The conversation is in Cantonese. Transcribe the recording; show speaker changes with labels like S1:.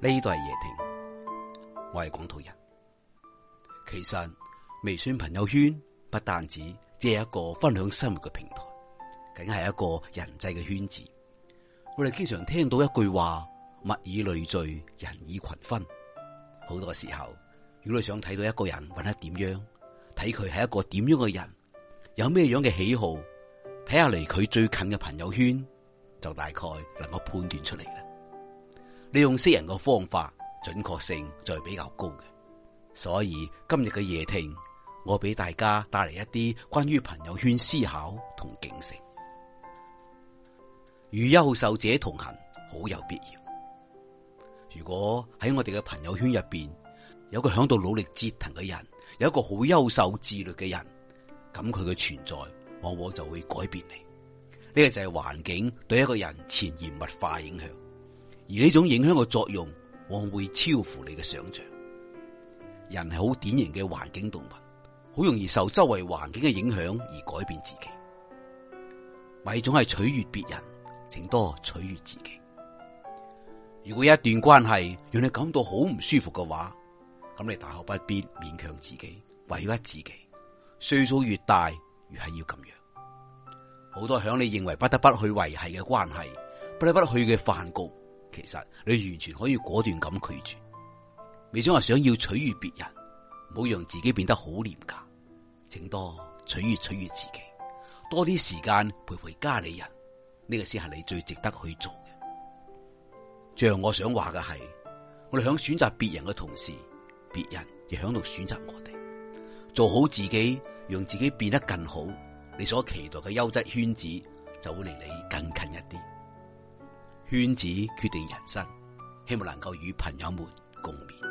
S1: 呢度係夜庭，我係廣土人。其實微信朋友圈不單止只係一個分享生活嘅平台，梗係一個人際嘅圈子。我哋經常聽到一句話：物以類聚，人以群分。好多時候，如果你想睇到一個人混得點樣，睇佢係一個點樣嘅人，有咩樣嘅喜好，睇下嚟佢最近嘅朋友圈，就大概能夠判斷出嚟啦。利用識人嘅方法準確性就係比較高嘅，所以今日嘅夜聽，我俾大家帶嚟一啲關於朋友圈思考同警醒，與優秀者同行好有必要。如果喺我哋嘅朋友圈入邊有個響度努力折騰嘅人，有一個好優秀自律嘅人，咁佢嘅存在往往就會改變你。呢、這個就係環境對一個人潛移默化影響。而呢種影響嘅作用，往往會超乎你嘅想象。人係好典型嘅環境動物，好容易受周圍環境嘅影響而改變自己。咪總係取悅別人，請多取悅自己。如果有一段關係讓你感到好唔舒服嘅話，咁你大可不必勉強自己，委屈自己。歲數越大，越係要咁樣。好多響你認為不得不去維繫嘅關係，不得不去嘅飯局。其實你完全可以果斷咁拒絕。你想話想要取悦別人，唔好讓自己變得好廉價，請多取悦取悦自己，多啲時間陪陪家裏人，呢個先係你最值得去做嘅。最後我想話嘅係，我哋響選擇別人嘅同時，別人亦響度選擇我哋。做好自己，讓自己變得更好，你所期待嘅優質圈子就會離你更近一啲。圈子決定人生，希望能夠與朋友們共勉。